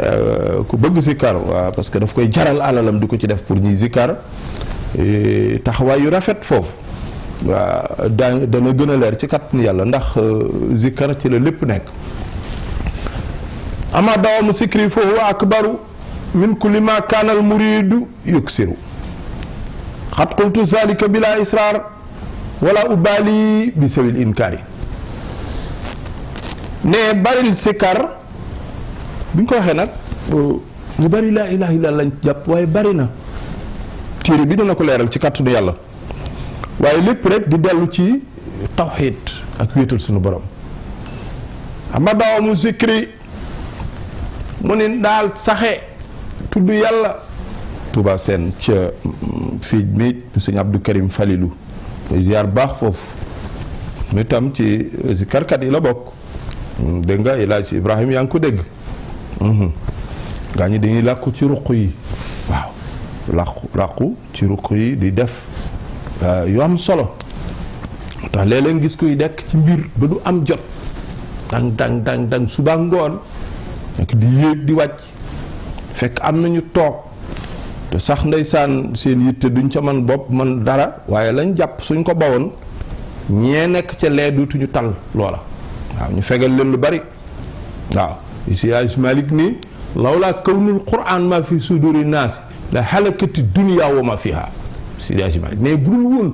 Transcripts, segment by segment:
Euh, ku bëgg zikkar waaw parce que daf koy jaral alalam di ko ci def pour ñuy zikkar taxawaay yu rafet foofu waaw daa dana gën a leer ci kattan yàlla ndax euh, zikkar ci la lépp nekk ama dawamu sikri fa huwa akbaru min kulli ma kaana al muridu yuksiru xat qultu zalika bila israar wala ubali bi sawil inkaari ne baril sikar bi ñu ko waxee nag ñu bari laa ilaha illa lañ jàpp waaye bari na téere bi dana ko leeral ci kàttanu yàlla waaye lépp rek di dellu ci tawxiid ak wéetal suñu borom ama dawamu mu ni daal saxe tudd yàlla Touba seen ca mm, fii mi sëñ Abdou Karim Falilou mooy baax foofu mu ci euh, zikarkat yi la bokk mm, dégg nga El Hadj Ibrahima yaa ngi ko dégg Mhm. gaa ñi dañuy làkku ci ruq yi waaw lakku lakku ci di def euh, yu am solo ta lele léeg gis kuy dekk ci mbir ba du am jot dang dang dang dang suba ngoon nekk di yéeg di wacc fek am nañu tok te sax ndaysan seen yitte duñ ca man bop man dara waye lañ japp suñ ko bawon ñe nek ca lee duutuñu tal lola waaw ñu fegal leen lu bari waaw si Aj Malik ni lawlaa kawnul quraan maa fi suduri naas la xalakati dunya ma fiha si Aj Malik ne bu dul woon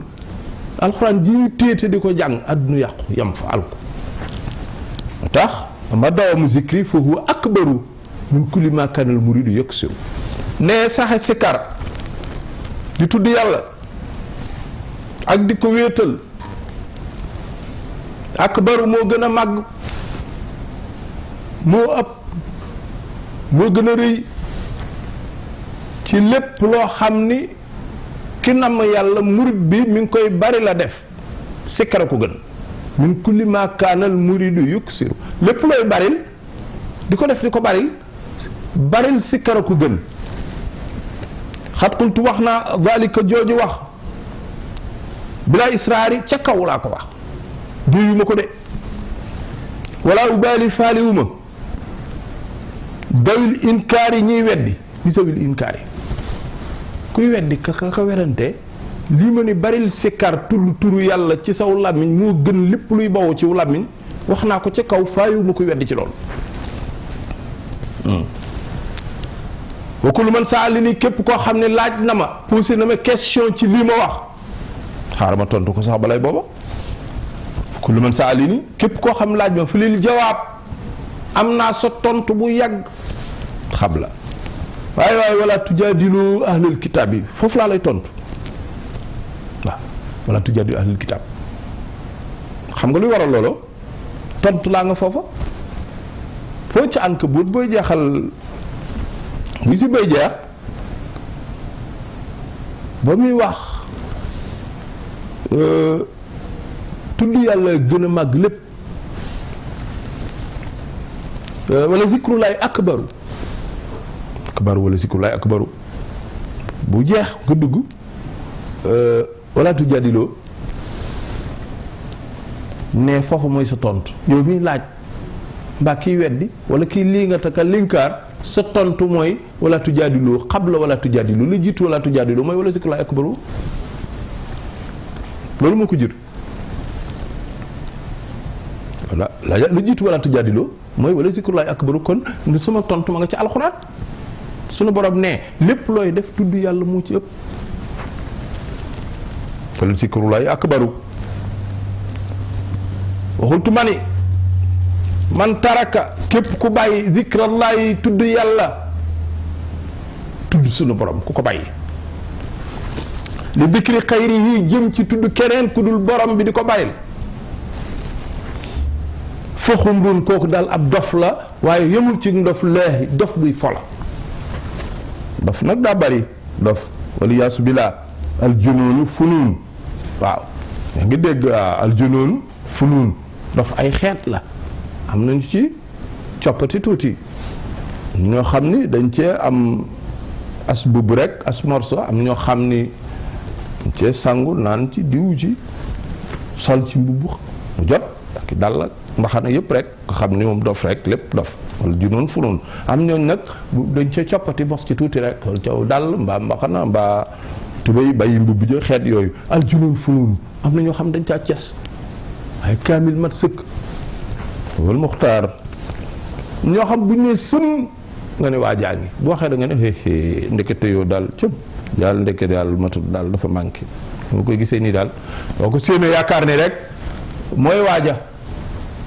alxuraan ji ñu téete di ko jàng àdduna yàqu yam fa alko moo tax ma dawamu zikri fa huwa akbaru min kulli ma kaana al muridu yaksiru ne saxe sikar di tudd yàlla ak di ko wéetal akbaru moo gën a màgg moo ëpp moo gën a rëy ci lépp loo xam ni ki namm yàlla murid bi mi ngi koy bari la def sikkar a ko gën min kulli ma kaanal muridu yuksiru lépp looy baril di ko def di ko baril baril sikkar a ko gën xat qultu wax naa zalika jooju wax bilaa israari ca kaw laa ko wax duyu ma ko de wala ubaali faaliwu ma dawil inkaar yi ñuy weddi bi sawil inkaar yi kuy weddi ka ka werante lii ma ni baril sikkar turu turu yàlla ci saw làmmiñ moo gën lépp luy bawoo ci làmmiñ wax naa ko ca kaw faayu ma koy weddi ci loolu hmm. wa kullu man saa képp koo xam ne laaj na ma posé na ma question ci lii ma ko sax balay booba wa kullu man saa li ni képp koo xam laaj ma fi lil jawaab am naa sa tontu bu yàgg xabla waaye waaye wala tujaadilu ahlul kitaab yi foofu laa lay tontu waa wala tujaadilu ahlul kitaab xam nga luy waral loolu tontu laa nga foofa foo ca ànd ko buut booy jeexal bi si bay jeex ba muy wax euh, tudd yàlla gën a màgg lépp euh, wala zikrullahi akbaru akbar wala sikrullahi akbaru bu jeex nga dugg euh, wala tujaadiloo ne foofu mooy sa tont yow mi laaj mbaa kiy weddi wala kiy lii nga taka linkaar sa tont mooy wala tujaadiloo xabla wala tujaadiloo la jiitu wala tujaadiloo mooy wala sikrullahi akbaru loolu moo ko jur voilà la jiitu wala tujaadiloo mooy wala sikrullahi akbaru kon sama tontu ma nga ci alxuraan sunu borom ne lépp looy def tudd yàlla moo ci ëpp fal zikrullahi akbaru waxultu ma man taraka képp ku bàyyi zikrallahi tudd yàlla tudd sunu borom ku ko bàyyi li dikri xayri yi jëm ci tudd keneen ku dul borom bi di ko bàyyil foxumbuun kooku daal ab dof la waaye yëmul ci ndof laahi dof buy fola dof nag daa bari dof wala yaasu bilaa aljunoonu funuun waaw yaa ngi dégg ah, aljunoonu funuun dof ay xeet la am nañu ci coppati tuuti ñoo xam ni dañ cee am as bubb rek as morso am ñoo xam ni dañ cee sangu naan ci diw ci sol ci mbubb mu jot ak dal mbaxana yëpp rek xam ni moom dof rek lépp dof wala junoon funoon am ñooñ nag dañ ca coppati mos ci tuuti rek wala caw dàll mbaa mbaxana mbaa tubéy bàyyi mbubb ja xeet yooyu al junoon funoon am na ñoo xam dañ caa ces waaye kaamil mat sëkk wal muxtaar ñoo xam bu ñu nee sëm nga ne waa jaa ngi bu waxee da nga ne xëy ndekete yoo daal cëm yàlla ndekete daal matut daal dafa manqué. bu koy gisee nii daal boo ko séenee yaakaar ni rek mooy waaja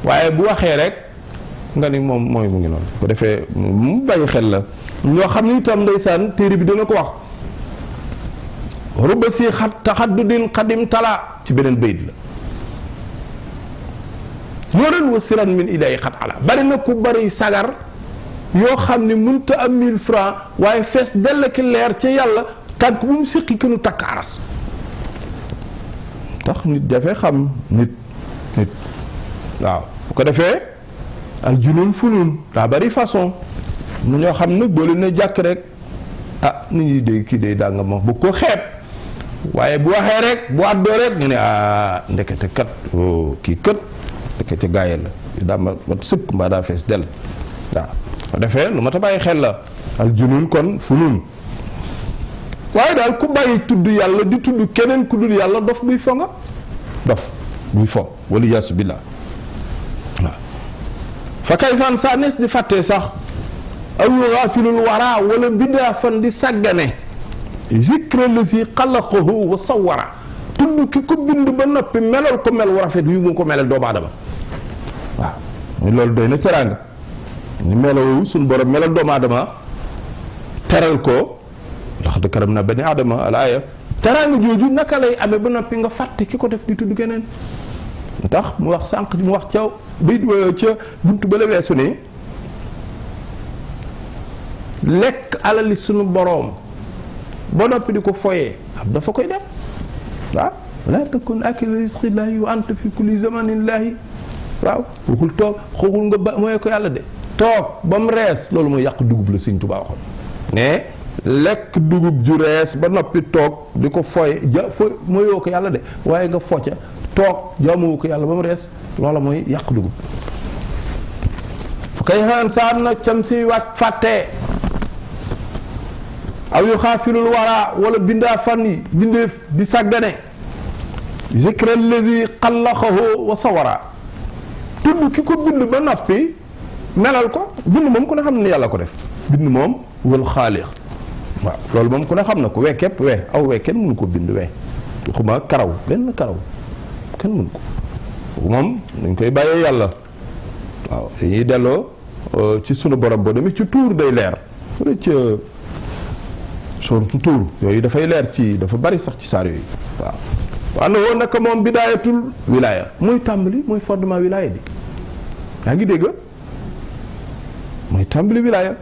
waye bu waxé rek nga ni mom moy mu ngi non bu défé mu bàyyi xel la ño xamni tam itam téré bi dana ko wax ruba si khat tahaddudin qadim tala ci benen beyd la yoren wa siran min ilay khat ala bari na ku bari sagar yo xamni munta am 1000 francs waye fess del ki leer ci yàlla tànk bu mu séqi kënu takk aras tax nit dafay xam nit nit waaw bu ko defee al junun funun daa bari façon mu ñoo xam nag boo leen ne jàkk rek ah ni ñuy dégg kii day dàng ma bu ko xeeb waaye bu waxee rek bu àddoo rek ñu ne ah ndekete kat oh kii kat ndekete gaaye la daa ma mat sëkk mbaa daa fees del waaw bu defee lu ma ta bàyyi xel la al junun kon funun waaye daal ku bàyyi tudd yàlla di tudd keneen ku dul yàlla dof buy fo nga dof buy fo wala yaasu فكيف أن سانس دي فاتي صح أو غافل الوراء ولم بدا فن دي سجنه ذكر الذي قلقه وصورا كل كي كو بند با نوبي ملال كو مل ورافيت وي مكو ملال دو بادبا واه لول دوينا تيرانغ ني ملو سون بور ملال دو بادبا تيرال كو لخ دو كرمنا بني ادم الايه تيرانغ جوجو نكالاي امي با نوبي nga fatte kiko def di tuddu kenen ndax mu wax sànq mu wax ca bay ci buntu bele wessu ne lek lekk alali sunu borom bo nopi diko foye foyee koy def wa la takun akil llahi wa anta fi kulli zamanillahi wa waxul toog xogul nga moy ko yalla de toog bam res lolou moy yak dugub le seigne touba waxoon ne lek dugub ju res ba nopi tok diko foye ja ko yalla de waye nga focca toog jaamuwu ko yàlla ba mu rees loola mooy yàq dugub fu koy xaan saan na cam si wàcc fàttee aw yu xaafilul wara wala bindaa fan bindeef di sàggane zikra allazi xallaxahu wa sawara tudd ki ko bind ba noppi melal ko bind moom ku ne xam ne yàlla ko def bind moom wal xaalix waaw loolu moom ku ne xam na ko wee képp wee aw wee kenn mënu ko bind wee waxuma karaw benn karaw ken mun ko mom dañ koy baye yalla waaw yi delo euh, ci sunu borom bo demee ci tour day leer wala ca tour yoy da fay leer ci fa bari sax ci sar yoy waaw wànn wo nak mom bidayatul wilaya mooy tambali mooy fondement wilaya di yaa ngi dégg mooy tambali wilaya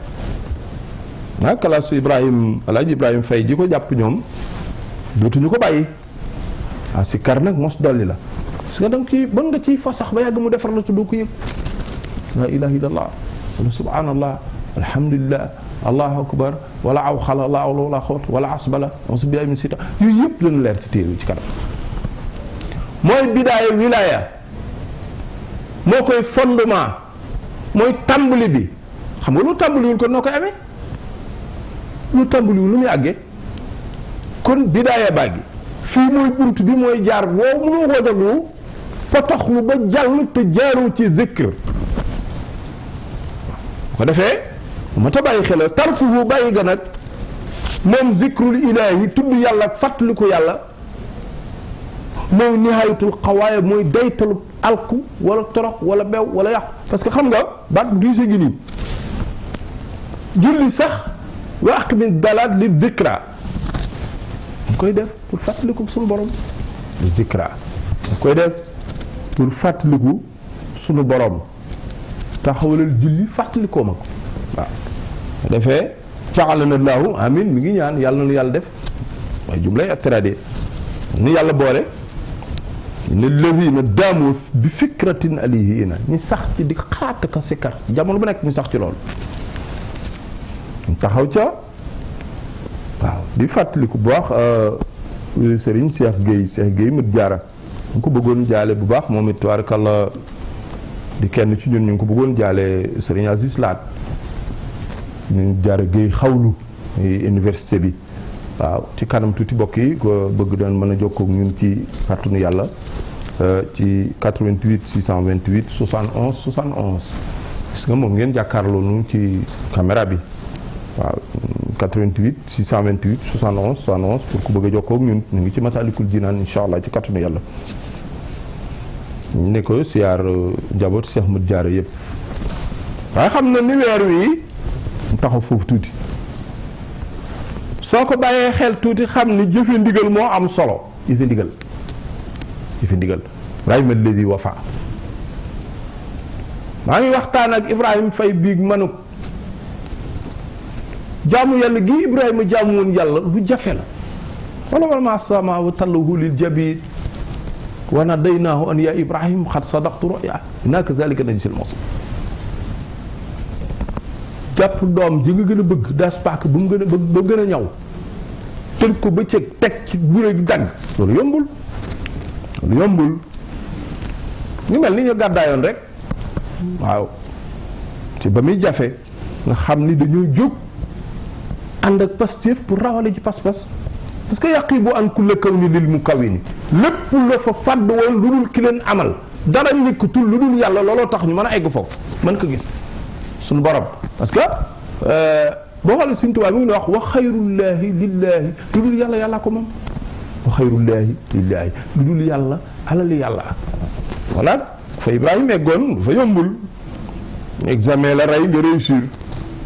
kala su ibrahim alaaji ibrahim fay ji ko jàpp ñoom dootuñu ko waaw sikkar nag mos dolli la parce que da nga ciy nga fasax ba yag mu defar la ko yeb la ilaha illallah subhanallah alhamdulillah Allah akbar wala aw khala, la aw la khot wala asbala ay min sita yu yeb dana leer ci teewi ci moy bidaya wilaya mokoy fondement moy tambuli, bi xam nga lu tambuli kon noo lu tambuli lu muy agge kon bidaya fii mooy bunt bi mooy jaar boo mënoo ko déglu potoxlu ba jàll te jaaroo ci zikr ko defee ma ta bàyyi xel tarkuhu bàyyi ga nag moom zikrul ilaahi tudd yàlla ak fàttaliku yàlla mooy nihaayatul xawaaya mooy daytalu alku wala torox wala bew wala yàqu parce que xam nga baat du diise gi nii julli sax wa aqbil dalaat li dikra koy def pour fàttaliku suñu borom zikra dañ koy def pour fàttaliku suñu borom taxawalal julli fàttalikoo ma ko waaw defee caxalana laahu amin mi ngi ñaan yàlla na yàlla def waaye jumlay attirade ni yàlla boole ne levi na daamu bi fikratin alihina ñi sax ci di xaat ka sikkar jamono bu nekk ñu sax ci loolu taxaw ca di ku bax euh serigne Cheikh gey Cheikh gey mu jaara ñu ko bëggoon bu bax momit it di kenn ci ñun ñu ko bëggoon jaale serigne Aziz lat ñu jaara gey xawlu université bi waaw ci kanam tuti bokk yi ko bëgg doon mëna jokk ak ñun ci yalla euh ci 88 628 71 71 gis nga moom ngeen jakarlo ñu ci caméra bi waaw 88 628 71 71 pour ku bëgg a jokkoo ak ñun ñu ngi ci Masaalikul Jinaan incha allah ci kattanu yàlla. ñu ne ko siyaar euh, njaboot Cheikh Ahmad Diarra yëpp waaye xam na ni weer wi taxaw foofu tuuti soo ko bàyyee xel tuuti xam ni jëfe ndigal moo am solo jëfe ndigal jëfe ndigal rahima ladi wafa maa ngi waxtaan ak Ibrahima Faye biig manuk jamu yalla gi ibrahima jamu won yalla lu jafé la wala wala ma sama wa tallahu lil jabid wa an ya ibrahim khat sadaqtu ruya Naka zalika najzil mus japp dom ji nga gëna bëgg das pak bu mu gëna bëgg ba ñaw tël ko bëccëg tek ci buré gi dag yombul yombul ñu mel ni ñu gàddaayoon rek waaw ci ba jafe nga xamni ni dañoo ànd ak pour rawale ci pass pass parce que yaqibu an kullu kawni lil mukawin lépp lo fa fad won lulul dul ki leen amal dara nekkatul lu dul yàlla lolo tax ñu mën egg fof man ko gis sun borom parce que euh bo xol suñ tubaab mi ngi wax wa xayrullaahi lillaahi lu lulul yàlla yàlla ko mom wa xayrullaahi lillaahi lu lulul yàlla ala li yàlla wala fa ibrahim egon fa yombul examen la ray de réussir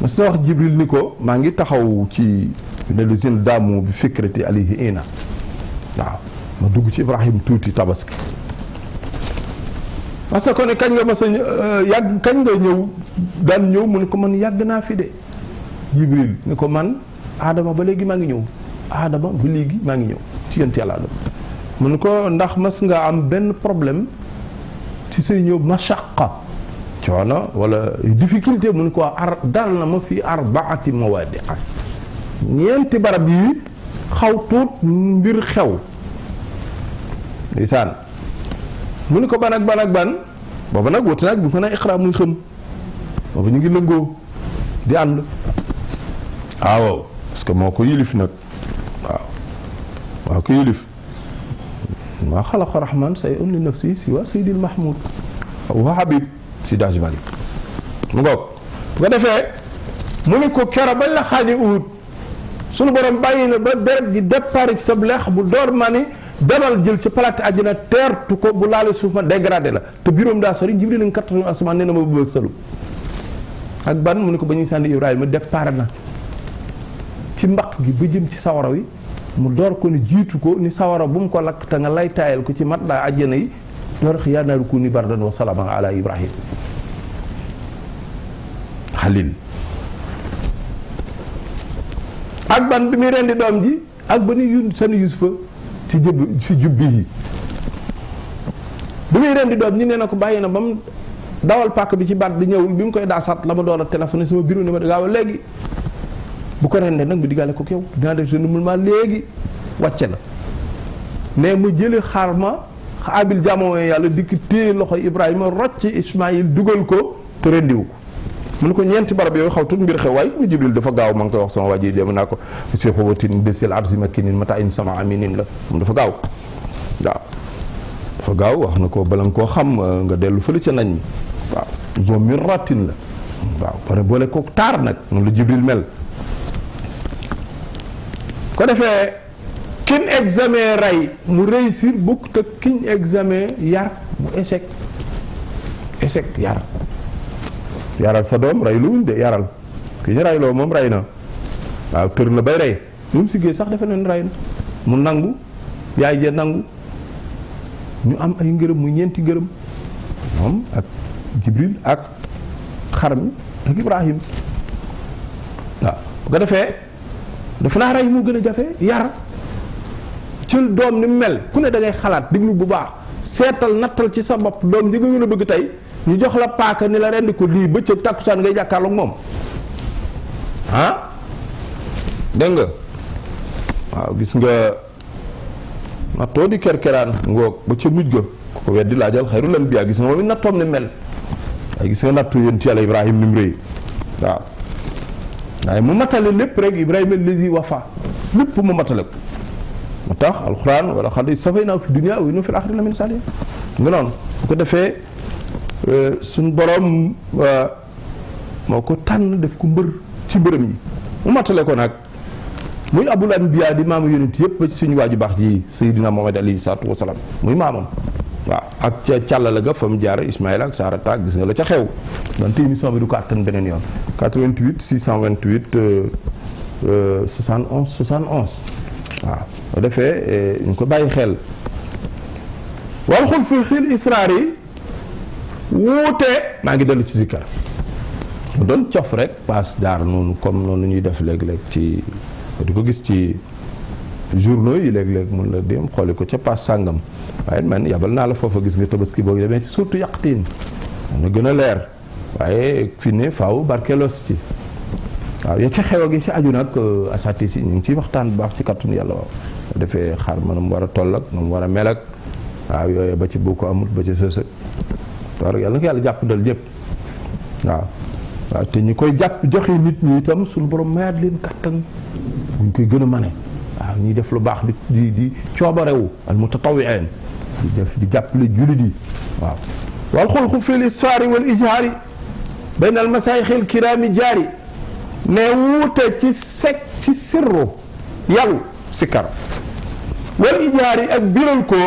mas na wax jibril ni ko maa ngi taxaw ci ne lisine daamu bi fikrati alayhi ina waaw ma dugg ci ibrahim tuuti tabaski parce que ko ne kañ nga sa a euh, yàgg kañ nga ñëw daan ñëw mu ne ko man yàgg naa fi de jibril ni ko man aadama ba léegi maa ngi ñëw aadama ba léegi maa ngi ñëw ci yent yàlla aadama mu ne ko ndax mas nga am benn problème ci say ñëw mashaqa coono wala difficulté mu ne ko ar dal na ma fi arbaati mawaadiqa ñeenti barab yi xaw tuut mbir xew lisaan mu ne ko ban ak ban ak ban booba nag wute nag bi ko ne iqra muy xëm booba ñu ngi lëngoo di ànd waaw parce moo ko yilif nag waaw moo ko yilif maa xalaqa rahman say un li nafsi si waa seydil mahmoud wa si daji malik mu ngoog bu defé muni ko kéro bañ la xadi oud sunu borom bayina ba der di départ ci sa leex bu dor ma ajena jël ci adina terre tu ko bu lalé suuf ma dégradé la te biróom da sori jibril nga kattanu asamaan nee ma bëgg salu ak ban muni ko bañu sandi ibrahim ibrahima départ na ci mbaq gi ba jëm ci sawara wi mu dor ko ni jitu ko ni sawara bu mu ko lak ta nga lay tayel ko ci adina yi نرخ يا نار bardan wa وسلاما ala Ibrahim. خليل ak ban bi mi rendi dom ji ak bani yun sani yusufa ci jëb ci jubbi bi mi rendi dom ni nee na ko bàyyi na dawal pak bi ci bat di ñewul bi mu koy daasaat lama doona telephone sama bureau ne ma gaaw legi bu ko rendé nak bu digalé ko yow dinaa def renouvelement léegi wàcce na mais mu jël xarma xaabil jaamoo yàlla dikk téye loxo Ibrahima rocc Ismaayil dugal ko te rendiwu ko mu ne ko ñeenti barab yooyu xaw tut mbir xew waaye mu jibril dafa gaaw ma ngi koy wax sama waa ji dem naa ko si xubatin bésil arzima kinin mata in sama aminin la moom dafa gaaw waaw dafa gaaw wax na ko bala nga koo xam nga dellu fële ca nañ mi waaw zomir ratin la waaw pare boole ko taar nag noonu la jibril mel ko defee kin examen rey mu réussir bukk te kiñ examen yar mu échec échec yar yaral sa doom rey lu wuñ de yaral ki ñu reyloo moom ray na waaw tër na bay rey moom siggee sax defe neen rey mu nangu yaay ja nangu ñu am ay ngërëm muy ñeenti ngërëm moom ak jibril ak xar mi ak ibrahim waaw bu defee dafa naa rey moo gën a jafe yar ci doom ni mel ku ne da ngay xalaat diglu bu baax seetal nattal ci sa bopp doom ji nga gën bëgg tey ñu jox la paaka ni la rendi ko lii bëccëg tàkkusaan ngay jàkkaarloog moom ah dégg nga waaw gis nga nattoo di kerkeraan ngoog ba ca mujj ga ko weddi laajal xayrul anbiyaa gis nga moom it nattoom ni mel waaye gis nga nattu yonent yàlla ibrahim ni mu rëy waaw waaye mu matale lépp rek ibrahima lazi wafa lépp mu matale ko tax alquran wala hadith istafaynaa fi dunya wa innahu fil axirati lamin salih nga non bu ko defee eh, sun borom moko tan def ko mbeur ci mbërëm yi mu matale ko nak muy abul anbiya di maamu yonent yep ci suñu waaju bax ji sayyidina muhammad ali alayhi salatu wasalaam muy mamam wa ak ci ca la ga fam jaar ismaïla ak sara sarata gis nga la ca xew donte émission bi du carton benen yon 88 628 euh 71 euh, 71 defee eh, ñu ko bàyyi xel wal xul fi xil israar yi wuutee maa ngi dellu ci zikkar mu doon cof rek paas jaar noonu comme noonu ñuy def léeg-léeg ci di ko gis ci journaux yi léeg-léeg mun la dém xooli ko ca paas sàngam waaye man yabal naa la foofa gis nga tabaski boobu demee ci surtout yàqtiin am na gën a leer waaye fi ne faaw barkeeloos ci waaw ya ca xew a gi si aju nag eh, asati si ñu ngi ciy waxtaan bu baax ci kàttanu yàlla waaw defee xar ma nu mu war a toll waaw yooyu ba ci bu amul ba ci sësëg war yàlla na yàlla jàpp dal ñëpp waaw waaw te ñi koy jàpp joxe nit ñi itam suñu borom mayaat leen kattan buñ koy gën mane waaw ñuy def lu baax di di di coobarewu al mutatawiin di def di jàppale julit yi waaw wal xulxu fi l wal ijhaari bayn al masaayixi al kiraami jaari ne wuute ci sec sikkar wal ijaari ak biral ko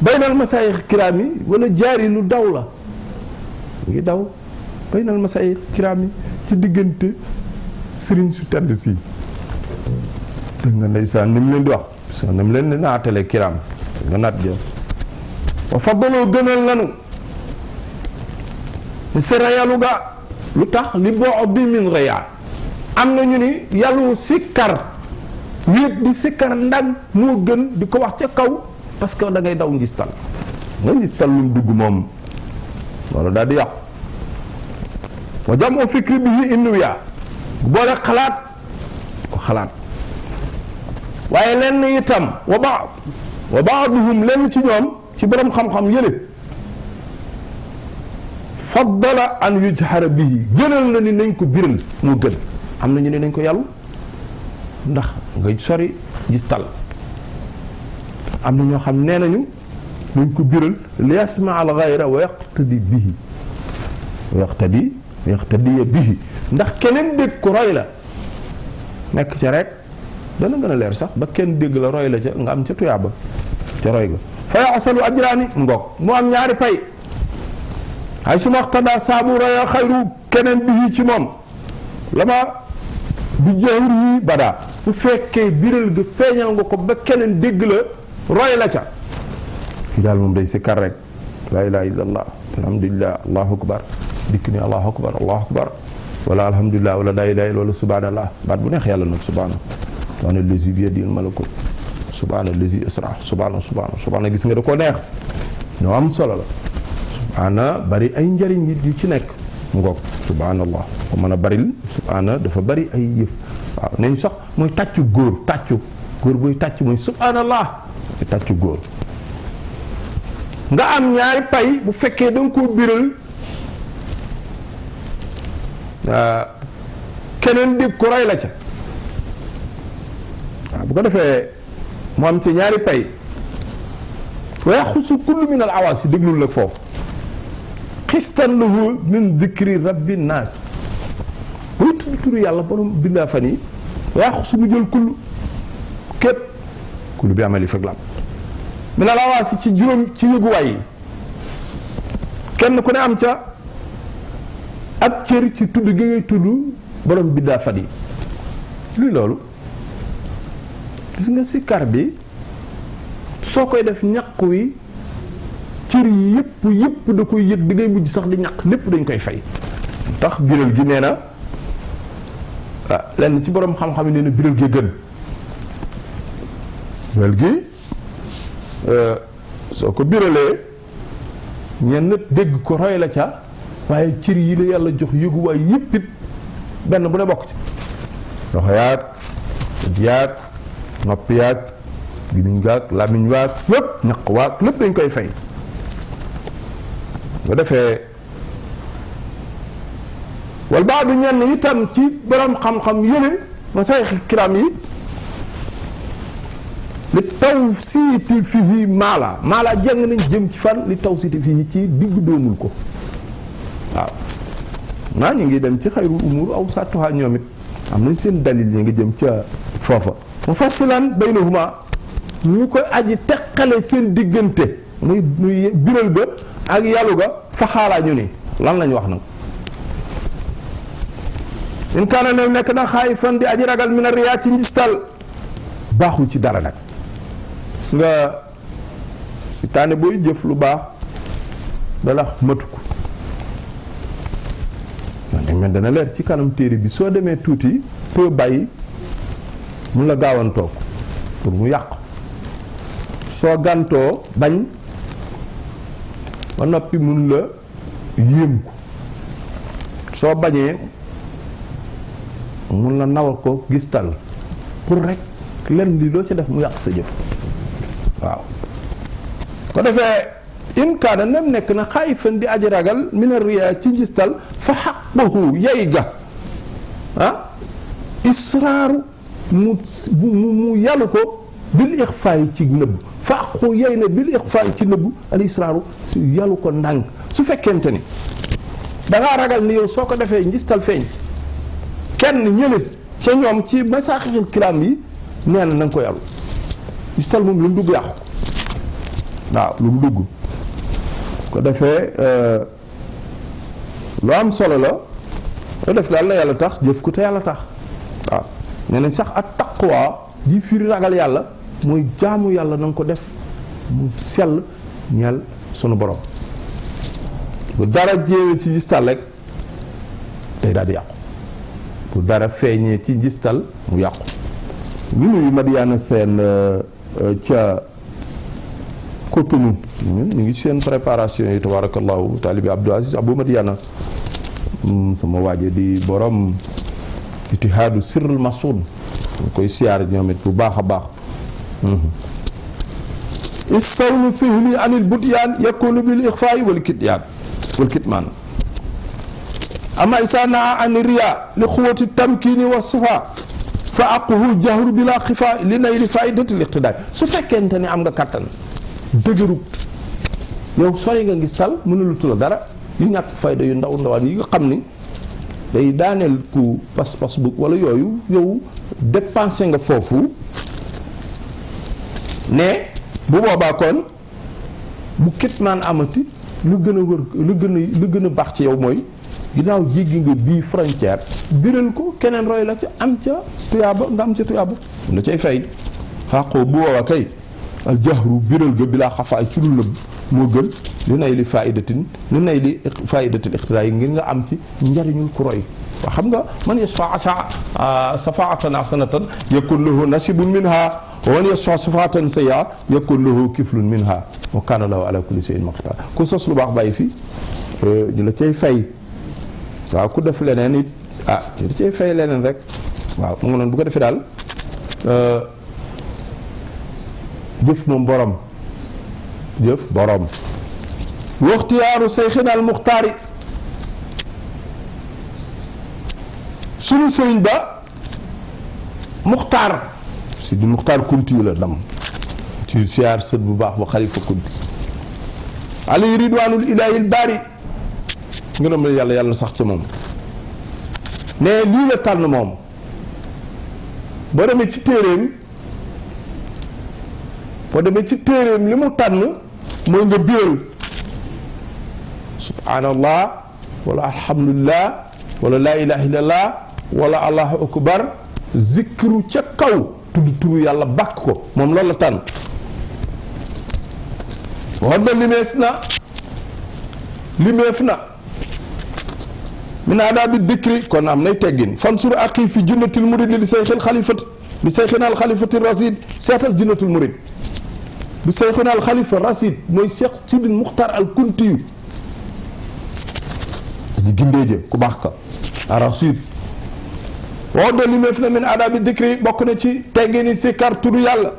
baynal masaayix kiraam yi wala jaari lu daw la mu ngi daw baynal masaayix kiraam yi ci diggante sëriñ su tedd si dégg nga ndeysaan ni mu leen di wax parce ni mu leen di naatale kiraam nga naat jël wa faddaloo gënal nanu sera yalu ga lu tax li boo bi min rayaat am na ñu ni yalu sikkar wéet di sikkar ndànk moo gën di ko wax ca kaw parce que da ngay daw ngistal nga ngistal lu mu dugg moom loolu daal di yàqu wa jam o fikri bi yi innu yaa xalaat ko xalaat waaye lenn itam wa ba wa baaduhum lenn ci ñoom ci borom xam-xam yële faddala an bi bihi gënal na ni nañ ko biral moo gën am na ñu ne nañ ko yàllu ndax nga sori gis tal am na ñoo xam nee nañu buñ ko biral li yasma al ghayra wa yaqtadi bihi wa yaqtadi wa yaqtadiya bihi ndax keneen dégg ko roy la nekk ca rek dana gën a leer sax ba kenn dégg la roy la ca nga am ca tuyaaba ca roy ga fa yaxsalu ajraani ngoog mu am ñaari pay ay suma xtada saabu roya xayru keneen bihi ci moom lama bi jawr yi badaa bu fekkee biral ga feeñal nga ko ba keneen dégg la roy la ca kii daal moom day sikkar rek laa ilaha illa allah alhamdulilah allahu akbar dikk ni allahu akbar allahu akbar wala alhamdulilah wala laa ilaha illa wala subhanallah baat bu neex yàlla nag subhaana subhaana lazi bi yadihi malakut subhaana lazi isra subhaana gis nga da ko neex ñoo am solo la subhaana bari ay njëriñ yi yu ci nekk mu ngoog subhanallah ko mën a baril subhaana dafa bari ay yëf waaw nee ñu sax mooy tàccu góor tàccu góor booy tàcc mooy subhanallah di tàccu góor nga am ñaari pay bu fekkee da nga koo biral keneen dégg ko rey la ca waaw bu ko defee mu am si ñaari pay wa yaxusu kullu min al awaasi déglul nag foofu xistan lahu min dikri rabbi naas booy tudd turu yàlla borom bindaa fan yi waaw suñu jël kullu képp kullu bi amali fag la am mi na ci juróom ci yëguwaay yi kenn ku ne am ca ab cër ci tudd gi tudd borom bindaa fan yi luy loolu gis nga sikkar bi soo koy def ñaq wi cër yi yëpp yëpp da koy yëg di ngay mujj sax di ñàq lépp dañ koy fay tax biral gi nee na ah, lenn ci boroom xam-xam yi nee na biral gi gën biral gi euh, soo ko biralee ñenn dégg ko roy la ca waaye cër yi la yàlla jox yëguwaay yëpp it benn bu ne bokk ci loxo yaag bët yaag nopp lamiñ waag yëpp ñaq waag lépp dañ koy fay bu defee wal baadu ñenn itam ci borom xam-xam yële masayix kiram yi li taw siiti fii maala maalaa jàng nañ jëm ci fan li taw siiti fii ci diggu doomul ko waaw naa ñu ngi dem ci xayrul umur aw sàttuha ñoom it am nañ seen dalil ñu ngi jëm ca foofa mu fassilan baynahuma ñu koy aji teqale seen diggante muy muy biral ba ak yalu ga fa xaalaa ñu ni lan lañ wax na in kaana ne nekk na xaay fan di aji ragal mi na riyaa ci njistal baaxul ci dara nag su nga si taane booy jëf lu baax dala matu ko dana leer ci kanam téere bi soo demee tuuti peu bàyyi mun la gaawantoog pour mu yàq soo gantoo bañ ba noppi mun la yéem ko soo bañee mun la nawal ko gistal pour rek lenn li doo ci def mu yàq sa jëf waaw ko defee in nem nekk na xaayifan di aj ragal mina riyaa ci gistal fa xaqahu yey ga ah israaru mu mu mu yalu ko bil ixfaay ci nëbb fàqu yey na bil ixfaa ci nëbbu al israaru yalu ko ndànk su fekkente ni dangaa ragal ni yow soo ko defee njistal feeñ kenn ñële ca ñoom ci masaaxixil kiraam yi nee na na ko yalu njistal moom lu mu dugg yàqu waaw lu mu dugg ko defee euh, lu am solo la loo def daal la yàlla tax jëf ko te yàlla tax waaw nee nañ sax at taqwa di firi ragal yàlla mooy jaamu yàlla na ko def mu sell ñeel sunu borom bu dara jéewee ci gistal rek day daal di yàqu bu dara feeñee ci gistal mu yàqu ñu nuyu Madiana seen euh, euh, ca Cotonou ñun ñu ngi seen préparation yi tabarakallahu taalibi Abdou Aziz Abou Madiana hmm, sama waaje di borom itihaadu sirrul masoon ngi koy siyaar ñoom bu baax a baax Mhm. istawlu fihli anil butyaan yakunu bil ixfaayi wal kityaan wal kitmaan ama isa naa ani riya li xuwati tamkini wa sifa fa aquhu jahru bi la li nay li faydati l iqtidaay su fekkente ne am nga kattan dëgëru yow sori nga ngis tal mënulutu la dara yu ñàkk fayda yu ndaw ndawaan yi nga xam ni day daaneel ku pas-pas bu wala yooyu yow dépensé nga foofu ne bu boobaa kon bu kitmaan amati lu gën a wër lu gën a gën a baax ci yow mooy ginnaaw jéggi nga bii frontière biral ko keneen roy la ca am ca tuyaaba nga am ca tuyaaba la cay fay xàqoo bu boobaa kay al jahru biral ga bilaa xafaay ci lu nëbb moo gën li nay li faidatin li nay li faidatin ixtiraa yi ngir nga am ci njariñul ku roy وخم من يشفع عشاء صفعة آه، عسنة يكون له نصيب منها ومن يشفع صفعة سيئة يكون له كفل منها وكان له على كل شيء مقدر كوسوس لو باخ باي في ني آه، لا تي فاي واو آه، كو داف لنين اه ني لا تي دال ا ديف موم بوروم ديف واختيار شيخنا المختار suñu sëriñ ba muxtaar si di muxtaar kunti la dam ci siyaar sët bu baax ba xalifa kunti ali ridwaanul ilaahil baari ngërëm la yàlla yàlla sax ci moom ne lii la tànn moom boo demee ci téeréem boo demee ci téeréem li mu tànn mooy nga biral subhaanallah wala alhamdulillah wala laa ilaha illallah wala allahu akbar zikru ca kaw tudd turu yàlla bàkk ko moom loolu la tànn waxoon na limees na limeef na min aadaabi dikri kon am nay teggin fan sur aqi fi junnatil murid li seyxil xalifat li seyxina al xalifati rasid seetal junnatul murid li seyxina al xalifa rasid mooy seex sidin muxtar al kunti yu gindee jë ku baax ka a waaw doo limeef na min adabi dikri bokk na ci teggi si kar tudd yàlla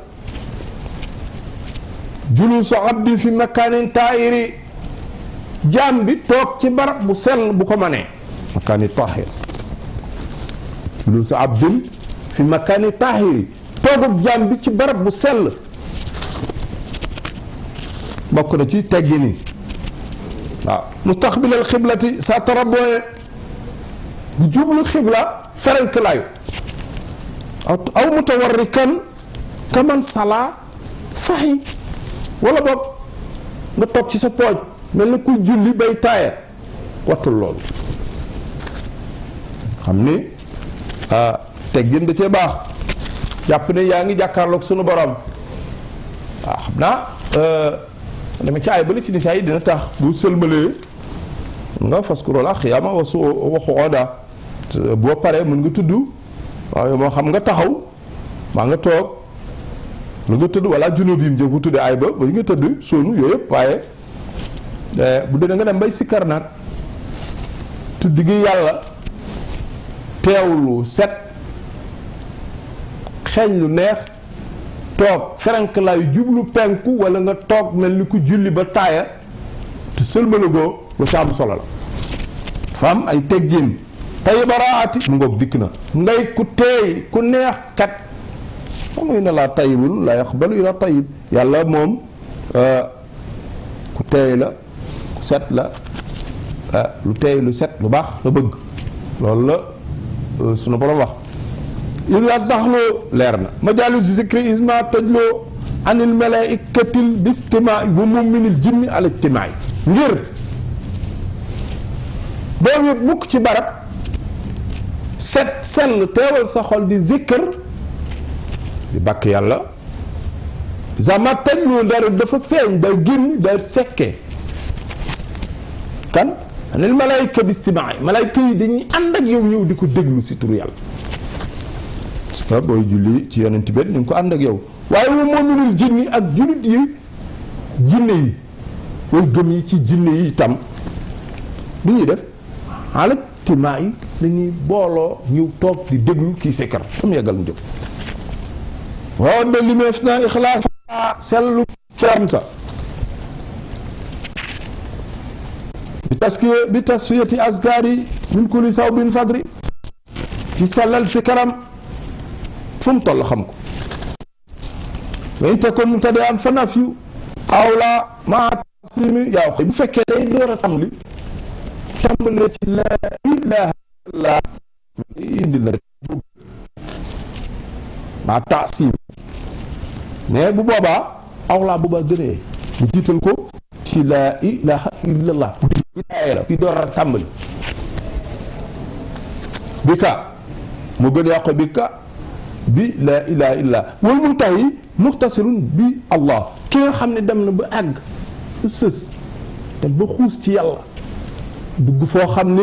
julusu abdi fi makaanin taahiri jaam bi ci barab bu sell bu ko makaani taahir julusu bi ci barab bu sell bokk na ci teggi ni waaw mustaqbil al xiblati saa tarabooye jublu ferenklaayu aw mutawarrikan kaman sala faxi wala boog nga toog ci sa pooj mel ni ku julli bay taaya wattul loolu xam ni teg ah, teggin da cee baax jàpp ne yaa ngi jàkkaarloog sunu borom waaw ah, xam naa eh, dama ci ay bali si ni saa yi dina tax bu sëlmalee nga fas ku loolu ak ah, xiyaama wasu waxu oda bo paré mën nga tudd waaye mo xam nga taxaw maa nga tok lu nga tëdd wala junub yi mu jëm bu tuddee ay ba bu nga tëdd sonu yooyu yëpp euh bu nga dem bay sikkar nak tudd gi yalla set xeeñ lu neex toog ferenk lay jublu penku wala nga tok mel ni ku julli ba taaya te sëlmalagoo bu sam solo fam ay teggine tey baraati mu ngoog dikk na ngay ku teey ku neex kat xam nga ne laa tayibul laa yaqbalu ila tayib yàlla moom euh, ku teey la ku set la euh, lu teey lu set lu baax la bëgg loolu la euh, sunu borom wax illaa taxloo leer na majaalis zikri isma tajloo anil malaikatil bistimaa wa muminil jinni al ijtimaay ngir doo yëg mukk ci barab set sell teewal sa xol di zikkër di bàkk yàlla zama tañ lu ndar dafa feeñ da génn da fekkee kan lil malayka di istimaa malayka yi dañuy ànd ak yow ñëw di ko déglu si turu yàlla parce que booy julli ci yeneen tibet ñu ngi ko ànd ak yow waaye wa moominul jinni ak jullit yi jinne yi way gëm yi ci jinne yi itam du def ijtimaa yi dañuy booloo ñëw toog di déglu kii sikkar am yàggal mu jëm waaw de li meef naa ixlaas ah, sellu caam sa bi taskiye bi tasfiyati askar yi min kulli saw bin fadri ci sellal sikkaram fu mu toll xam ko waynte kon mu tadee am fanaf yu awla ma tasimi yaa xëy bu fekkee day door a tam li tàmbalee ci laa ilaha illallah indi na rek maa taasiim mais bu boobaa awlaa boobaa gënee mu jiital ko ci laa ilaha illallah bu door a tàmbali bi ka mu gën yàqo bi ka bi laa ilaha illallah wal muntahi muxtasirun bi allah ki nga xam ne dem na ba àgg sës dem ba xuus ci yàlla dugg foo xam ni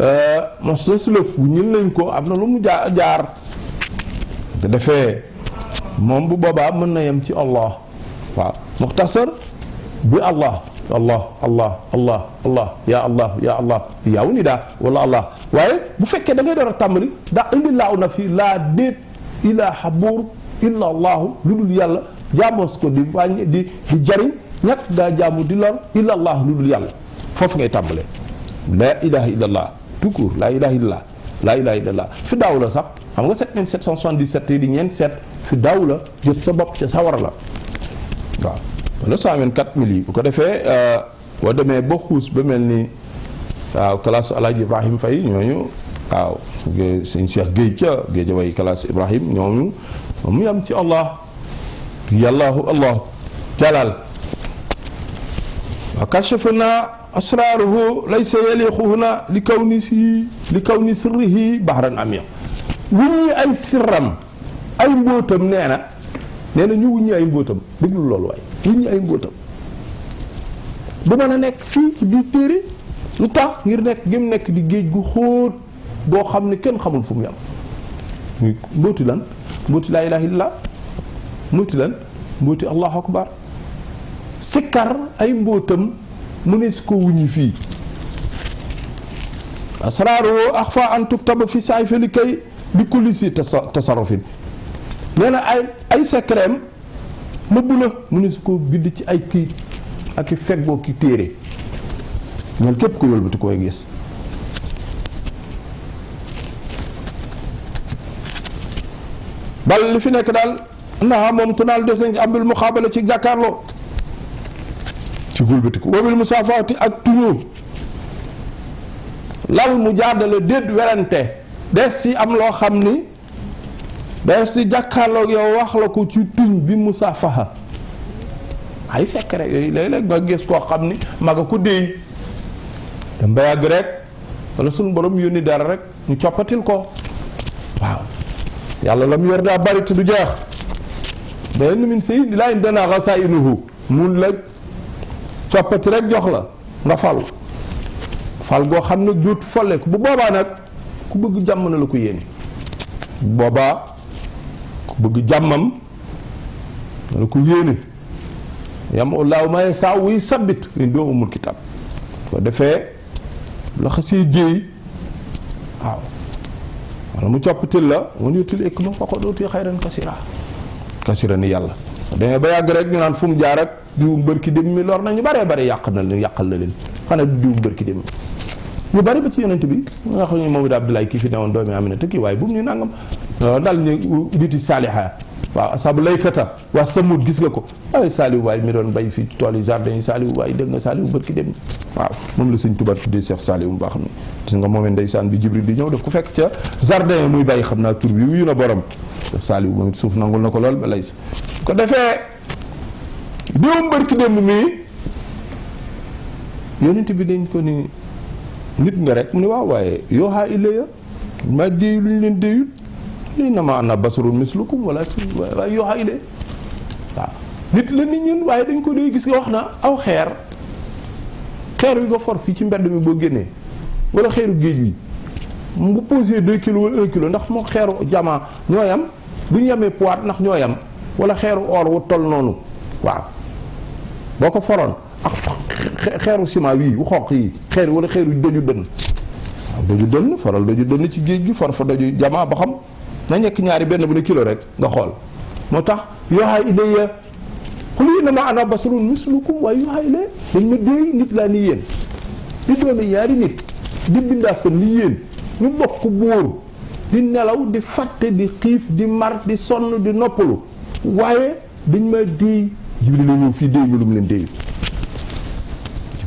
euh, mos na si lëf lañ ko am na lu mu jaar jaar te moom bu boobaa mën na yem ci allah waaw muxtasar bi allah allah allah allah allah yaa allah yaa allah yaaw ni daa allah waaye bu fekkee da ngay a tàmbali daa indi laaw na fi laa déet ilaa xabuur illa allaahu lu dul yàlla jaamoos ko di wàññi di di jariñ ñàkk gaa jaamu di lor illa allaahu lu dul yàlla foofu ngay tàmbalee laa ilaha illallah tout court laa ilaha illallah laa ilaha illallah fi daaw la sax xam nga 7777 yi di ñeent seet fi daaw la jot sa bopp ca sawar la waaw wala 124000 yi bu ko defee euh, boo demee ba xuus ba mel ni waaw classe Alaaji Ibrahim Faye ñooñu waaw sëñ Cheikh Guèye ca Guèye way classe Ibrahim ñooñu mu yam ci Allah yàllaahu Allah jalaal wa asraaruhu laysa yaliqu huna li kawnihi li kawni sirrihi bahran amiq wuññi ay sirram ay mbóotam nee na nee na ñu wuññi ay mbóotam déglu loolu waaye wuññi ay mbóotam du mën a nekk fii ci biir téere lu tax ngir nekk gëm nekk di géej gu xóot boo xam ne kenn xamul fu mu yam muy mbóoti lan mbóoti laa lan mbóoti allahu akbar sikkar ay mbóotam mu ne si ko wuññi fii asraaru ak fa an tuktaba fi saay feli kay di kulisi tasarufin nee na ay ay secret nëbbu na mu si ko bind ci ay kii ak i feggoo ki téere ñoom képp ko yëlbati koy gis bal li fi nekk daal ndax moom tunaal def nañ ambil muqaabala ci jàkkaarloo ci gulbatiku wabil musafati ak tuñu lal mu jaadale dedd werante des ci am loo xam ni des si jàkkaarloog yow wax la ko ci tuñ bi musafaha ay secret yooyu léeg-léeg nga gis koo xam ni maga ko déy dem ba yàgg rek wala suñ borom yónni dara rek ñu coppatil ko waaw yàlla lam yor daa bari te du jeex benn min laa indana rasainuhu mun la coppati rek jox la nga falu fal goo xam ne juut fole ko bu boobaa nag ku bëgg jàmm na la ko yéene boobaa ku bëgg jàmmam na la ko yéene yam ulaahu ma yasaa wuy sabbit li doo umul kitab soo defee la jéey waaw wala mu coppatil la mun yutil ikma faqad uti xayran kasira kasira ni yàlla demee ba yàgg rek ñu naan fu jaar ak diw bërki dem mi lor nañu bare bare yàq na leen yàqal na len xana diw bërki dem ñu bare ba ci yonent bi nga xam ne moom it Abdoulaye fi newoon doomi amina te ki way bu ñu nangam dal ñi biti saaliha wa asabu laykata wa samud gis nga ko ay salih way mi don bay fi tool jardin salih way de nga salih bërki dem wa mom la sëñ Tuubaa tuddee Cheikh salih bu baax ni gis nga momen ndaysan bi Jibril di ñëw daf ko fekk ci jardin muy bay xamna tour tur bi yu na borom salih mom moom suuf nangul nako lol lool ba lay ko defé démb barki démb mii yonent bi dañ ko ni nit nga rek ni waaw waaye yoo xaa ilayya maa déeyu lu ñu leen déeyul lii na ma ana basarun mislukum wala waaye yoo xaa waaw nit la nit ñun waaye dañ ko dee gis nga wax na aw xeer xeer bi nga for fii ci mbedd bi boo génnee wala xeeru géej bi mu posé 2 kilos wala 1 kilo ndax moo xeeru jamaa ñooyam bu ñu yamee poids ndax ñooyam wala xeeru or wu toll noonu waaw boo ko faroon ak xeeru ciment wii wu xonq yi xeer wala xeeru doju dënn doju dënn faral doju dënn ci géej gi for fa doju jamaa ba xam na nekk ñaari benn bu ne kilo rek nga xool moo tax yoxaa ilayya xul innamaa ana basarun mislukum waaye yoxaa ilayya dañ ma déey nit laa ni yéen di doomi ñaari nit di bindaa fa ni yéen ñu bokk buur di nelaw di fàtte di xiif di mar di sonn di noppalu waaye dañ ma déey jibril la fii déy lu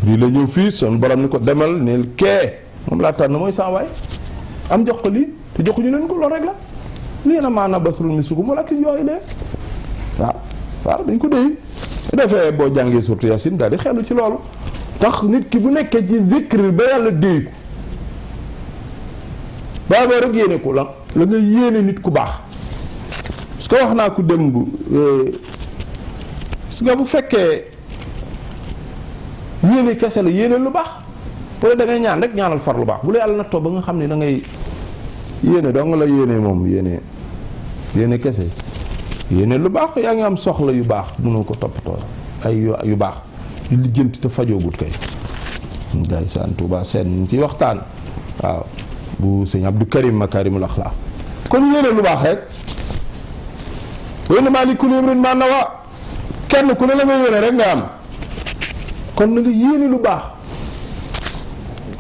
mu leen la fii son borom ni ko demal neel kee moom laa na mooy saa am jox ko lii te joxuñu leen ko loolu rek la lii na maanaam basarul misukum wala kii yooyu de waaw waaw dañ ko déy defee boo jàngee surtout yasin daal di xelu ci loolu tax nit ki bu nekkee ci zikr ba yàlla déy ko baabee rek ko la la nga yéene nit ku baax parce que wax naa ko démb euh, gis bu fekkee yéene kese la yéene lu baax bu dee da ñaan rek ñaanal far lu baax bu la na nattoo ba nga xam ne dangay ngay yéene dong la yéene moom yéene yéene kese yéene lu baax yaa ngi am soxla yu baax mënoo ko toppatoo ay yu baax yu lijjanti te fajoogut kay. day saan Tuubaa seen ñu ciy waxtaan waaw bu sëñ Abdou Karim Makarimul Axlaaq kon yéene lu baax rek yéene maa li kulli imrin maa nawa kenn ku ne la nga yéene rek nga am kon na nga yéene lu baax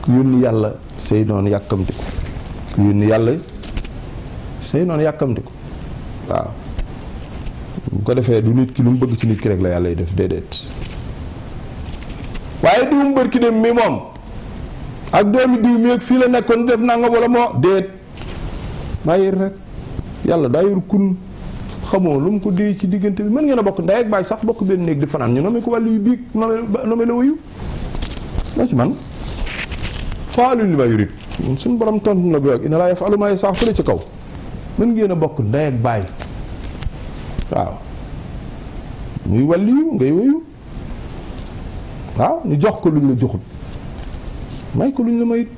yónni yàlla say noonu yàkkamti ko yónni yàlla say noonu yàkkamti ko waaw bu ko defee du nit ki lu mu bëgg ci nit ki rek la yàlla yi def déedéet waaye diwum bër ki dem mi moom ak doomi diw mi ak fii la nekkoon def nanga wala moo déet daa yër rek yàlla daa yër kun xamoo lu mu ko dee ci diggante bi mën ngeen a bokk ndey ak baay sax bokk benn néeg di fanaan ñu nommé ko wàllu yu biig nommé la wayu loo ci man faalu li ma borom ton la bu yàgg ina laa yafalu maa yasaa fële ci kaw mën a bokk ndey ak baay waaw muy wàllu yu ngay wayu waaw ñu jox ko luñ la joxut may ko luñ la mayut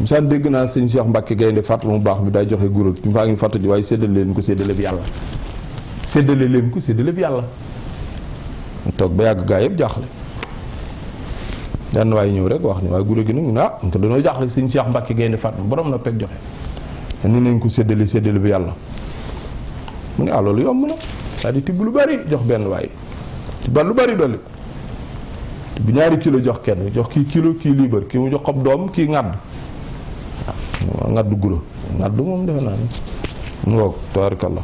mosaan dégg naa sëñ Cheikh Mbacke gaynde Fatma mu baax mi day joxe guro ñu faa ngi fàttali waaye séddale leen ko séddale bi yàlla séddale leen ko séddale bi yàlla mu toog ba yàgg gaa yëpp jaaxle ñëw rek wax ni waaye guro gi nag ñu ah, dañoo jaaxle sëñ Cheikh Mbacke gaynde Fatma borom na peg joxe ni nañ ko séddale séddale bi yàlla mu ne ah loolu di tibb lu bari jox benn waay tibbal lu bari dolli bu ñaari kilo jox kenn jox kii kilo kii liibar kii mu jox xob doom kii ŋàdd ngaddu guro ngaddu moom defe naa ne ngoog tabaarkalla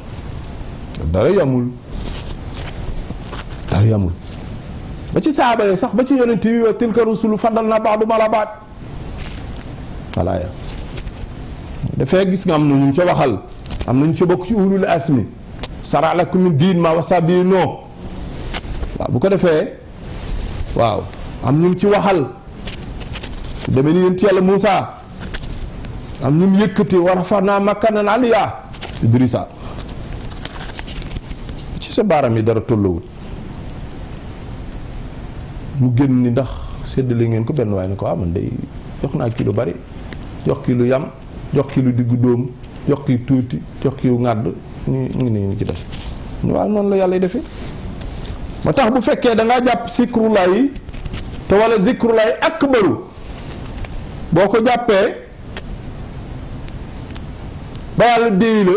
dara yamul dara yamul ba ci saaba yi sax ba ci yonent yi wa tilka rusulu faddal na baax du mala baat walaaya dafay gis nga am na ñu ci waxal am nañu ci bokk ci ulul asmi sara lakum min diin ma wasa bii non waaw bu ko defee waaw am ñu ci waxal demee ni yonent yàlla Moussa am lu mu yëkkati makanan aliya Idrissa ci sa barami yi dara tolluwul mu genn ni ndax li ngeen ko ben way ni ko am ah, ndey jox na ki lu bari jox ki lu yam jox kilo lu diggu dóom jox ki tuti jox ki ngad ni ngi ni ci def wa non la yalla defee ba tax bu fekke da nga japp sikru lay to wala zikru lay akbaru boko ko ba yàlla déey la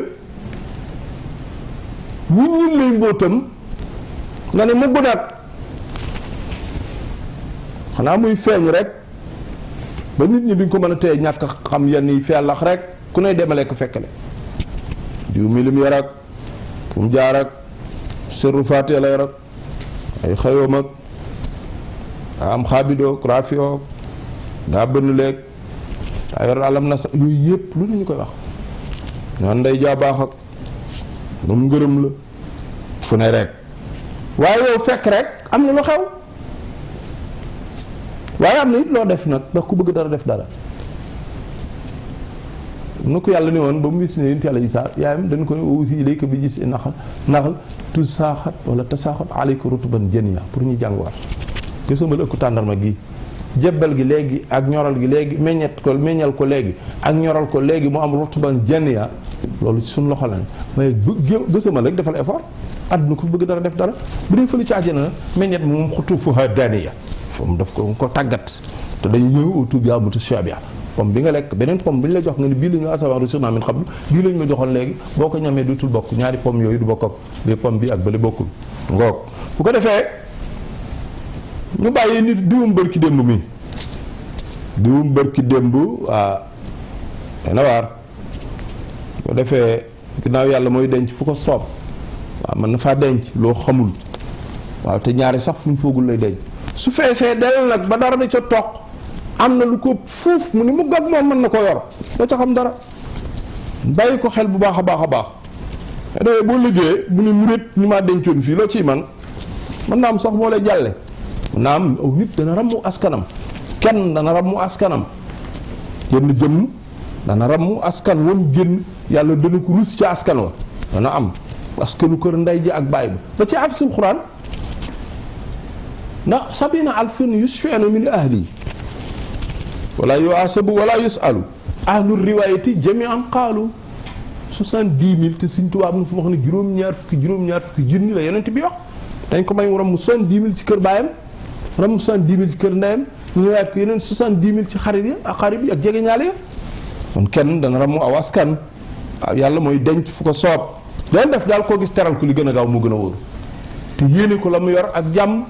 ñun ñun lay mbóotam nga ne mugg nag xanaa muy feeñ rek ba nit ñi duñ ko mën a tey ñàkk xam yenn yi fellax rek ku ne demale ko fekkale diw mi lim yor ak fu mu la yor ay xëyoom ak am xaabidoo krafio daa bënn leeg yor alam na yooyu yëpp lu ne ñu koy wax ñoon day jaabaax ak moom ngërëm la fu ne rek waaye yow fekk rek am na lu xew waaye am na it loo def nag ndax ku bëgg dara def dara nu ko yàlla ne woon ba mu gis ne yonent yàlla Isaa yaayam dañ ko ne aussi ilayka bi gis naxal naxal tu saaxat wala tasaaxat alayka rutuban janiya pour ñu jànguwaat gisuma la ëkku tàndarma gi jébbal gi léegi ak ñoral gi léegi meññet ko meññal ko léegi ak ñoral ko léegi mu am rutban janiya loolu ci suñu loxo lañ mais gësëmal rek defal effort àdduna ko bëgg dara def dara bu dee fële ci àjjana la meññet mi moom xutu fu daniya moom daf ko ko tàggat te dañu ñëw autour bi mutashabiha pomme bi nga lekk beneen pomme bi ñu la jox nga ne bii la ñu asawaaru sirna xam bii ma joxoon léegi boo ko ñamee dootul bokk ñaari pomme yooyu du bokk ak bii bi ak bële bokkul ngoog bu ko defee ñu bàyyi nit diwum bërki démb mi diwum bërki démb waa ah, dana waar ko defee ginnaaw yàlla mooy denc fu ko soob waaw mën na faa denc loo xamul waaw te ñaari sax fu mu foogul lay denc su feesee del nag ba dara da ca toq am na lu ko fuuf mu ni mu gàtt moom mën na ko yor doo ca xam dara bàyyi ko xel bu baax a baax a baax dafay boo liggéey bu ne murit ñu maa dencoon fii loo ciy man mën naa am sax moo lay jàlle naam aw nit dana rammu askanam kenn dana rammu askanam yenn jëmm dana rammu askan wam génn yàlla dana ko rus ci askan wa dana am askanu kër ndey ji ak baay bi ba ci afsul quran ndax sabina alfin yusfeenu min ahli wala yuasabu wala yusalu ahlu riwaayati jamian qaalu 70000 te Sëñ Tuubaa am na fu wax ne juróom-ñaar fukki juróom-ñaar fukki junni la yonent bi wax dañ ko may mu romb 70000 ci kër baayam xaram soixante-dix mille ci kër ndeyam ñu ñëwaat ko yeneen soixante-dix mille ci xarit ya ak xarit bi ak jege ñaale ya kon kenn dana ramu aw askan yàlla mooy denc fu ko soob leen def daal koo gis teral ko li gën a gaaw mu gën a wóor te yéene ko la mu yor ak jàmm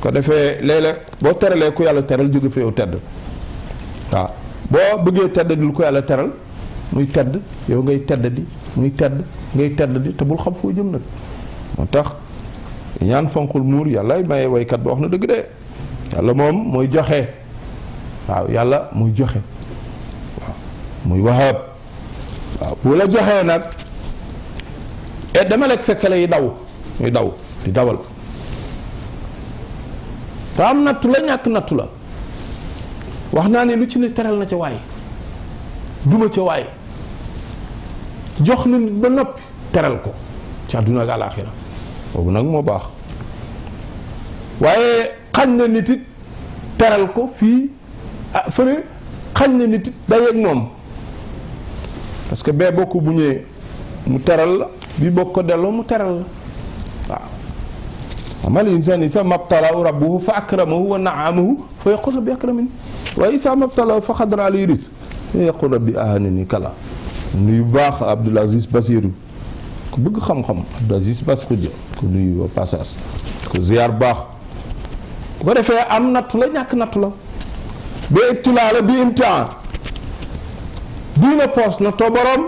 ko defee léeg boo teralee ku yàlla teral jóge fi yow tedd waaw boo bëggee tedd dul ko yàlla teral muy tedd yow ngay tedd di muy tedd ngay tedd di te bul xam foo jëm nag moo tax ñaan fonkul muur yàlla maye woykat ba wax na dëgg de yàlla moom mooy joxe waaw yàlla mooy joxe waaw muy wahaab waaw bu la joxee nag et dama lekk fekk lay daw muy daw di dawal te am nattu la ñàkk nattu la wax naa ne lu ci ne teral na ca waay duma ca waay jox na nit ba noppi teral ko ci àdduna ak àlaaxira boobu nag moo baax waaye xaj na nit it teral ko fii ah fële xañ na nit it day ak moom parce que bee bokk bu ñëwee mu teral la bi bokk ko delloo mu teral la waaw amal insaani sa mabtalaahu rabbuhu fa akramahu wa naamahu fa yaqul rabbi akramini waaye isa mabtalaahu fa qadara alayhi rizq fa yaqul rabbi ahanani kala nuyu baax Abdoul Aziz Basiru ku bëgg xam-xam Abdoul Aziz Basiru ko nuyu au passage ko ziar baax bu ko defee am nattu la ñàkk nattu la bi ibtilaa la bi imtihaan dii poos na to borom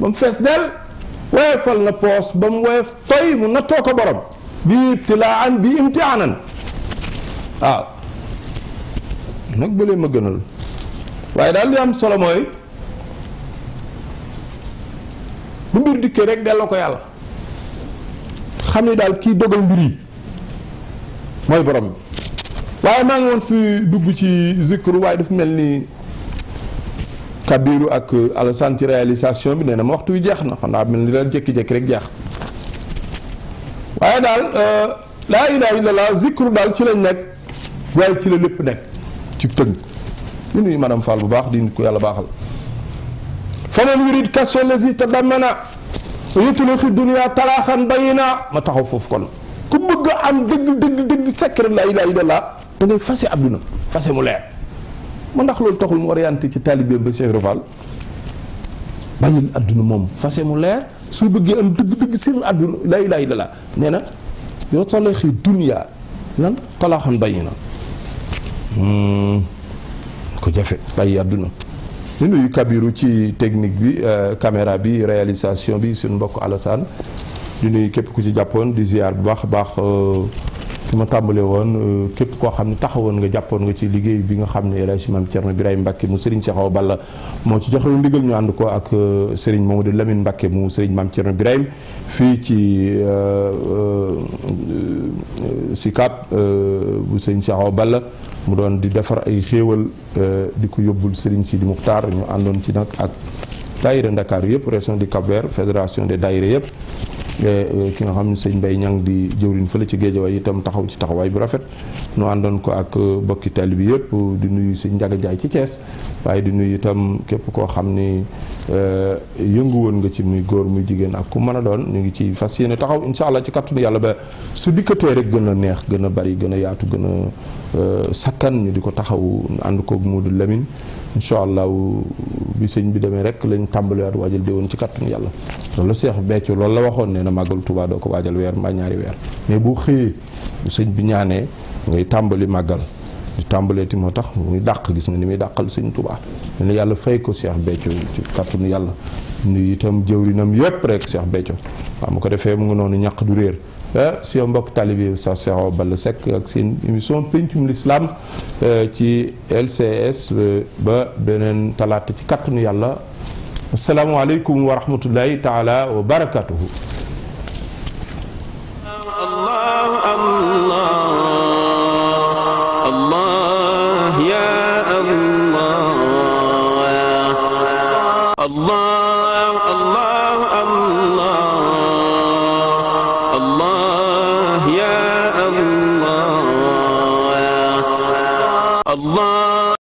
ba mu fees del woyefal na poos ba mu woyef toy mu nattoo ko borom bi ibtilaan bi imtihaanan waaw ah. nag bëlee ma gënal waaye daal li am solo mooy bu mbir dikkee rek delloo ko yàlla xam ni daal kii dogal mbir yi mooy borom waaye maa ngi woon fi dugg ci zikru waaye dafa mel ni Kabiru ak Alassane ci réalisation bi nee na ma waxtu wi jeex na xam naa mel ni daal jékki-jékki rek jeex waaye daal euh, laa ilaaha illallaah zikru daal ci lañ nekk waaye ci la lépp nekk ci tënk ñu nuyu madame Fall bu baax di ko yàlla baaxal. fanal wirid kaso si te dammana sayutulu fi dunia talaaxan bayina ma taxaw foofu kon ku bëgg am dëgg dëgg dëgg secret la ilaha illallah da ngay fase àdduna fase mu leer ma ndax loolu taxul mu orienté ci taalibe ba Cheikh Rafal bàyyil àdduna moom fase mu leer soo bëggee am dëgg dëgg sir àdduna la ilaha illallah nee na yow talaxi dunia lan talaaxan bayina ko jafe bàyyi àdduna di nuyu Kabiru ci technique bi euh, caméra bi réalisation bi suñu mbokk Alassane di nuyu képp ku ci jàppoon di ziar bu baax a baax. Euh, fi ma tàmbalee woon euh, képp koo xam ne taxawoon nga jàppoon nga ci liggéey bi nga xam ne El Hadj Maam Thierno Birahim Mbacke mu seriñ Cheikh Awa Balla moo ci joxe ndigal ñu ànd ko ak euh, Serigne Mamadou Lamine Mbacke mu Serigne Maam Thierno Birahim fii ci Sicap euh, bu Serigne Cheikh Awa Balla mu doon di defar ay xéewal di ko yóbbul Serigne Sidi Muxtaar ñu àndoon ci nag ak daayira ndakaar yëpp reson du Cap-Vert fédération des daayira yëpp. Eh, eh, ki nga xam ne sëñ Mbaye Niang di jëwriñ fële ci géejawaay itam taxaw ci taxawaay bu rafet nu àndoon ko ak eh, bokki taali bi yëpp di nuyu sëñ Njaga Njaay ci cees waaye di nuyu itam képp koo xam ni yëngu woon nga ci muy góor muy jigéen ak ku mën a doon ñu ngi ciy fas yéene taxaw incha allah ci kàttanu yàlla ba su dikkatee rek gën a neex gën a bari gën a yaatu gën a Euh, sakkan ñu di ko taxawu ànd koog Moodu Lamine incha allahu bi sëñ bi demee rek lañ tàmbaliwaat waajal déwoon ci kàttanu yàlla loolu la Seex Béthio loolu la waxoon ne na màggalu doo ko waajal weer mbaa ñaari weer mais bu xëyee sëñ bi ñaanee ngay tàmbali màggal di tàmbaleeti moo tax muy dàq gis nga ni muy dàqal sëñ Tuubaa ne yàlla fay ko Seex Béthio ci kàttanu yàlla nuyu itam jëwrinam yépp rek Seex Béthio waaw mu ko defee mu ngi noonu ñàq du réer si mbokk taalibe sa Sero Balla Seck ak seen émission pencum l'islam ci LCS ba beneen talaata ci kàttanu yàlla asalaamualeykum wa rahmatullahi taala wa barakatuhu Allah